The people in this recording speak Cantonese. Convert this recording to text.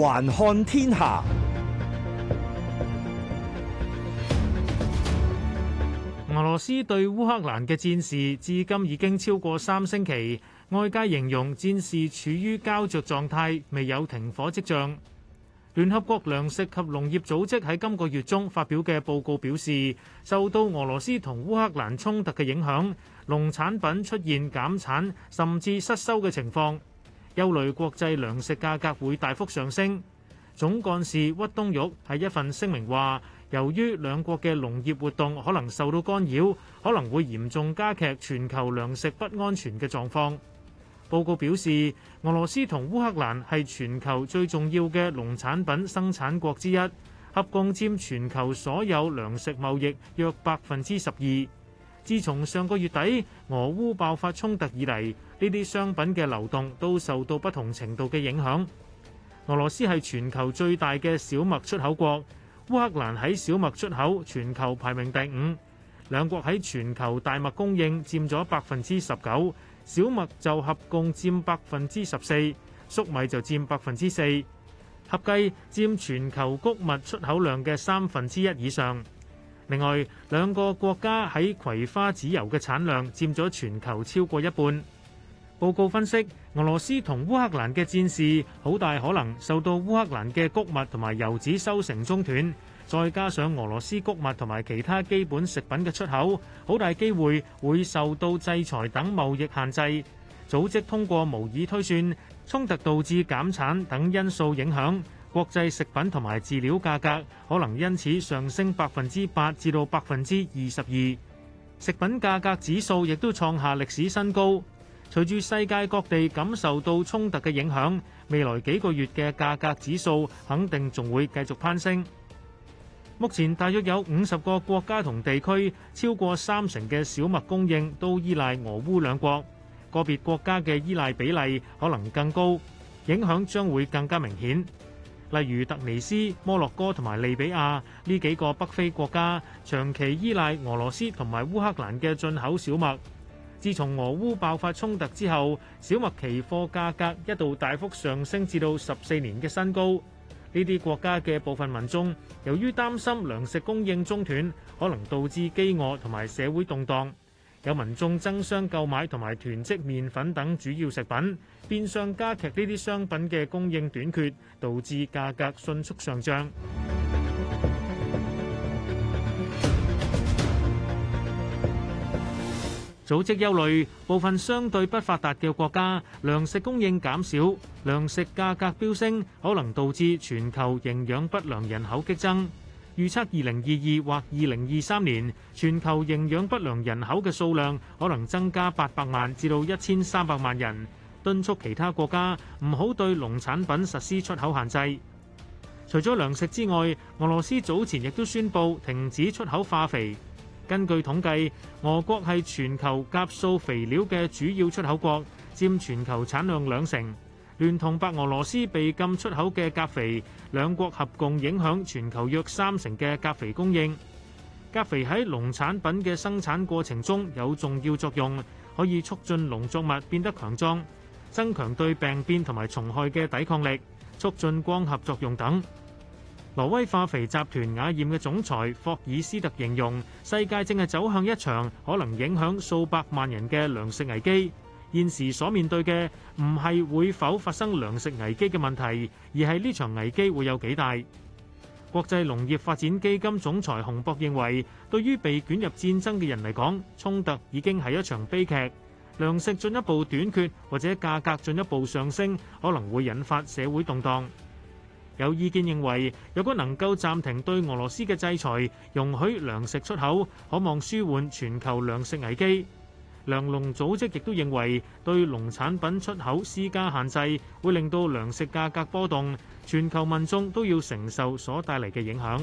環看天下，俄羅斯對烏克蘭嘅戰事至今已經超過三星期。外界形容戰事處於膠着狀態，未有停火跡象。聯合國糧食及農業組織喺今個月中發表嘅報告表示，受到俄羅斯同烏克蘭衝突嘅影響，農產品出現減產甚至失收嘅情況。憂慮國際糧食價格會大幅上升。總幹事屈冬玉喺一份聲明話，由於兩國嘅農業活動可能受到干擾，可能會嚴重加劇全球糧食不安全嘅狀況。報告表示，俄羅斯同烏克蘭係全球最重要嘅農產品生產國之一，合共佔全球所有糧食貿易約百分之十二。自從上個月底俄烏爆發衝突以嚟，呢啲商品嘅流動都受到不同程度嘅影響。俄羅斯係全球最大嘅小麥出口國，烏克蘭喺小麥出口全球排名第五。兩國喺全球大麥供應佔咗百分之十九，小麥就合共佔百分之十四，粟米就佔百分之四，合計佔全球穀物出口量嘅三分之一以上。另外，兩個國家喺葵花籽油嘅產量佔咗全球超過一半。報告分析，俄羅斯同烏克蘭嘅戰事好大可能受到烏克蘭嘅谷物同埋油脂收成中斷，再加上俄羅斯谷物同埋其他基本食品嘅出口，好大機會會受到制裁等貿易限制。組織通過模擬推算，衝突導致減產等因素影響國際食品同埋飼料價格，可能因此上升百分之八至到百分之二十二，食品價格指數亦都創下歷史新高。隨住世界各地感受到衝突嘅影響，未來幾個月嘅價格指數肯定仲會繼續攀升。目前大約有五十個國家同地區，超過三成嘅小麥供應都依賴俄烏兩國，個別國家嘅依賴比例可能更高，影響將會更加明顯。例如突尼斯、摩洛哥同埋利比亞呢幾個北非國家，長期依賴俄羅斯同埋烏克蘭嘅進口小麥。自從俄烏爆發衝突之後，小麥期貨價格一度大幅上升，至到十四年嘅新高。呢啲國家嘅部分民眾由於擔心糧食供應中斷可能導致飢餓同埋社會動盪，有民眾爭相購買同埋囤積麵粉等主要食品，變相加劇呢啲商品嘅供應短缺，導致價格迅速上漲。組織憂慮，部分相對不發達嘅國家糧食供應減少、糧食價格飆升，可能導致全球營養不良人口激增。預測二零二二或二零二三年全球營養不良人口嘅數量可能增加八百萬至到一千三百萬人，敦促其他國家唔好對農產品實施出口限制。除咗糧食之外，俄羅斯早前亦都宣布停止出口化肥。根據統計，俄國係全球鉀素肥料嘅主要出口國，佔全球產量兩成。聯同白俄羅斯被禁出口嘅鉀肥，兩國合共影響全球約三成嘅鉀肥供應。鉀肥喺農產品嘅生產過程中有重要作用，可以促進農作物變得強壯，增強對病變同埋蟲害嘅抵抗力，促進光合作用等。挪威化肥集團雅艷嘅總裁霍爾斯特形容，世界正係走向一場可能影響數百萬人嘅糧食危機。現時所面對嘅唔係會否發生糧食危機嘅問題，而係呢場危機會有幾大。國際農業發展基金總裁洪博認為，對於被捲入戰爭嘅人嚟講，衝突已經係一場悲劇。糧食進一步短缺或者價格進一步上升，可能會引發社會動盪。有意見認為，若果能夠暫停對俄羅斯嘅制裁，容許糧食出口，可望舒緩全球糧食危機。糧農組織亦都認為，對農產品出口施加限制，會令到糧食價格波動，全球民眾都要承受所帶嚟嘅影響。